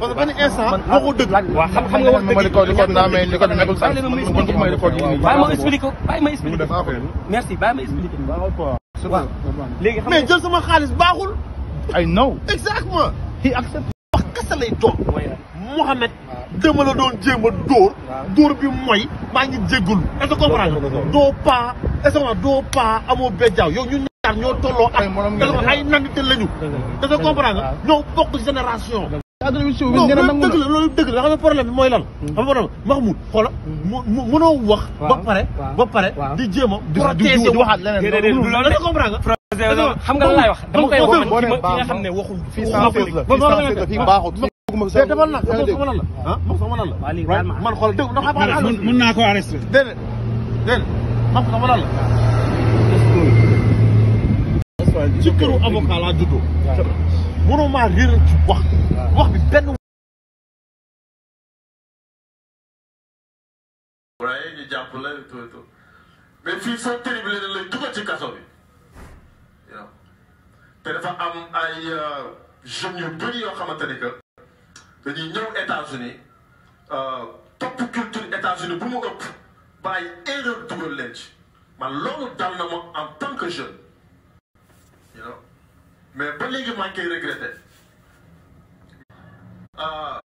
parce que benn instant ah, waxu dëgg waaw xam xam nga wax dëgg ko ko na may li ko nekkul sax bàyyi ma expliqué ko bàyyi ma expliqué merci bàyyi ma expliqué waaw léegi xam mais jël sama xaalis baaxul ay naw exactement i accepte wax kasa lay doon Mohamed dama la doon jéem a dóor dóor bi mooy maa ngi jéggul est-ce que comprendre doo pas est-ce que doo pas amoo bejjaaw yow ñu ñaar ñoo tolloo ak ay nangte lañu est ñoo bokk génération agriculture bi ngeen a nangu dëgg la loolu dëgg la xam nga problème bi mooy lan. Hmm. xam nga problème bi Mahmoud xoola mu mënoo wax. ba pare ba pare di jéem a. protéger waxaat leneen loolu la comprendre nga. xam nga lan laay wax dama koy wax man ki nga xam ne waxul. fii sans cesse la fii sans cesse la fii baaxul. te dama lan la dama lan la ah dama lan la. man xool dégg nga xam nga. mën naa ko arrêter. déedéet déedéet man dama lan la. ci këru avocat laa juddoo. mënoo maa réeral ci wax wax bi benn waaye ñu jàpp la tuuti mais fii soo terrible la lay dugal ci te dafa am ay euh, jeunes yu bëri yoo xamante ni que dañuy ñëw États-Unis euh, topp culture États-Unis bu mu ëpp man loolu dal na ma mais ba léegi maa ngi koy regretté. Ah.